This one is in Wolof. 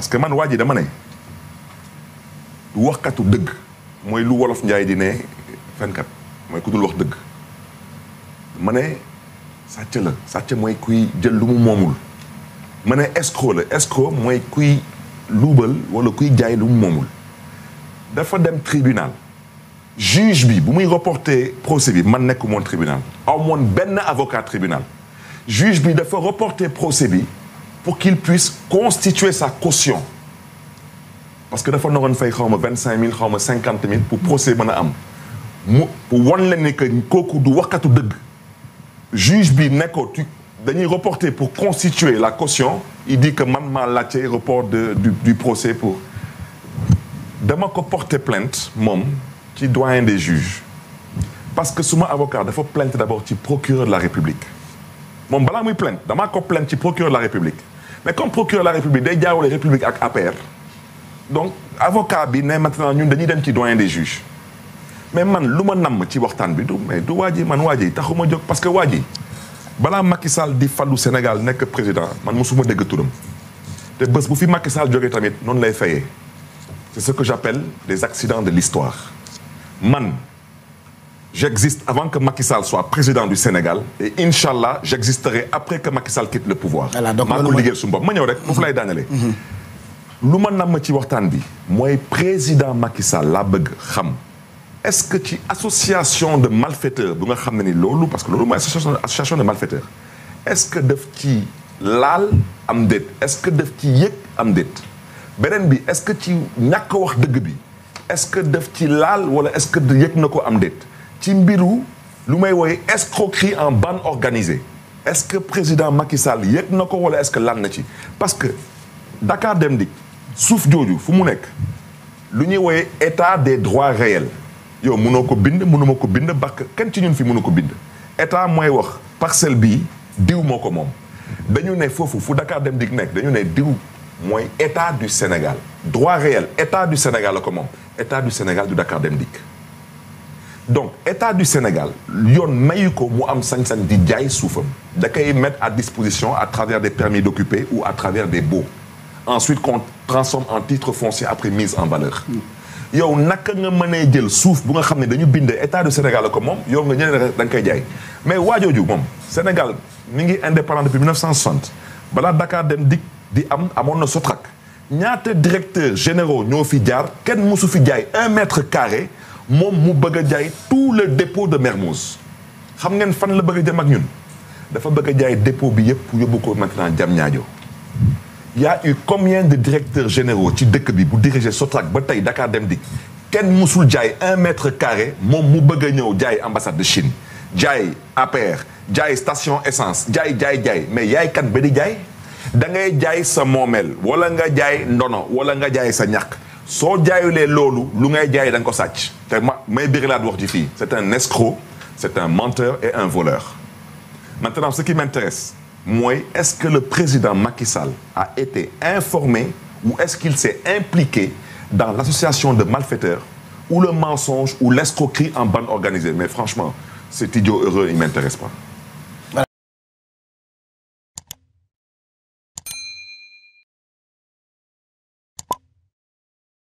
parce que man waa ji dama ne waxkatu dëgg mooy lu wolof njaay di ne fenkat mooy ku dul wax dëgg ma ne sàcc la sàcc mooy kuy jël lu mu moomul ma ne escroc la escroc mooy kuy luubal wala kuy jaay lu mu moomul dafa dem tribunal juge bi bu muy reporter procès bi man nekk moon tribunal aw moon benn avocat tribunal juge bi dafa reporter procès bi pour qu'il puisse constituer sa caution parce que dafa naroon fay xaw ma vingt cinq mille xaw ma cinquante mille pour procès mën a am pour wan la ne que kooku du waxkatu dëgg juge bi ne ko tu dañuy reporter pour constituer la caution il dit que man maa te report de du, du procès pour dama ko porter plainte moom ci doyen des juges parce que suma avocat dafa plainte d'abord ci procureur de la république moom balaa muy plainte damaa ko plainte ci procureur de la république mais comme procureur de la république day jaawale république ak APR donc avocat bi ne maintenant ñun dañuy dem ci doyen des juges mais man lu ma namm ci waxtaan bi du mais du waa ji man waa ji taxuma jóg parce que waa ji balaa Macky Sall di fallu Sénégal nekk président man mosuma dégg turam te bés bu fi Macky Sall jógee tamit noonu lay fayee c'est ce que j'appelle des accidents de l'histoire man j'existe avant que Macky Sall soit président du Sénégal et inchallah j'existerai après que Macky Sall quitte le pouvoir maa ko liggéeyal suñu bopp ma ñëw rek foofu lay daanale lu ma nam ci waxtaan bi mooy président Macky Sall laa bëgg xam est-ce que ci association de malfaiteurs bu nga xam ne ni loolu parce que loolu mooy association de malfaiteurs est-ce que daf ci laal am déet est-ce que daf ci yëg am déet beneen bi est-ce que ci ñàkk wax dëgg bi est-ce que daf ci laal wala est-ce que yëg na ko am déet ci mbiru lu may wooye escroquerie en bande organisée est-ce que président Macky Sall yëg na ko wala est-ce que lan na ci parce que Dakar Dem Dikk suuf jooju fu mu nekk lu ñuy wooye état des droits réels yow mënoo ko bind mënuma ko bind bark kenn ci ñun fi mënu ko bind état mooy wax parcelle bi diw moo ko moom dañu ne foofu fu Dakar Dem Dikk nekk dañu ne diw mooy état du Sénégal droit réel état du Sénégal la ko moom état du Sénégal du Dakar Dem Dikk donc état du Sénégal yoon mayu ko mu am sañ-sañ di jaay suufam da koy mettre à disposition à travers des permis d'occuper ou à travers des baux ensuite qu'on transforme en titre foncier après mise en valeur yow naka nga mënee jël suuf bu nga xam ne dañu bind état du Sénégal la ko moom yow nga ñëne da nga koy jaay mais waajooju moom Sénégal mi ngi indépendant depuis 1960 balaa Dakar dem dik di am amoon na Sotrac ñaata directeur généraux ñoo fi jaar kenn mosu fi jaay un carré moom mu bëgg a jaay tous le dépôt de Mermoz xam ngeen fan la bëgg a jëm ak ñun dafa bëgg a jaay dépôt bi yëpp yóbbu ko maintenant Diamniadio y a eu combien de directeurs généraux ci dëkk bi bu diriger Sotrac ba tey Dakar Dem di kenn musul jaay un mètre carré moom mu bëgg a ñëw jaay ambassade de Chine jaay APR jaay station essence jaay jaay jaay mais yaay kan ba di jaay da ngay jaay sa moomeel wala nga jaay ndono wala nga jaay sa ñaq soo jaayulee loolu lu ngay jaay da ko sàcc te ma may birilaat wax ji fii c'est un escroc c'est un menteur et un voleur maintenant ce qui m'intéresse mooy est-ce que le président Macky Sall a été informé ou est-ce qu'il s'est impliqué dans l'association de malfaiteurs ou le mensonge ou l'escroquerie en bande organisée mais franchement cet idiot heureux il m'intéresse pas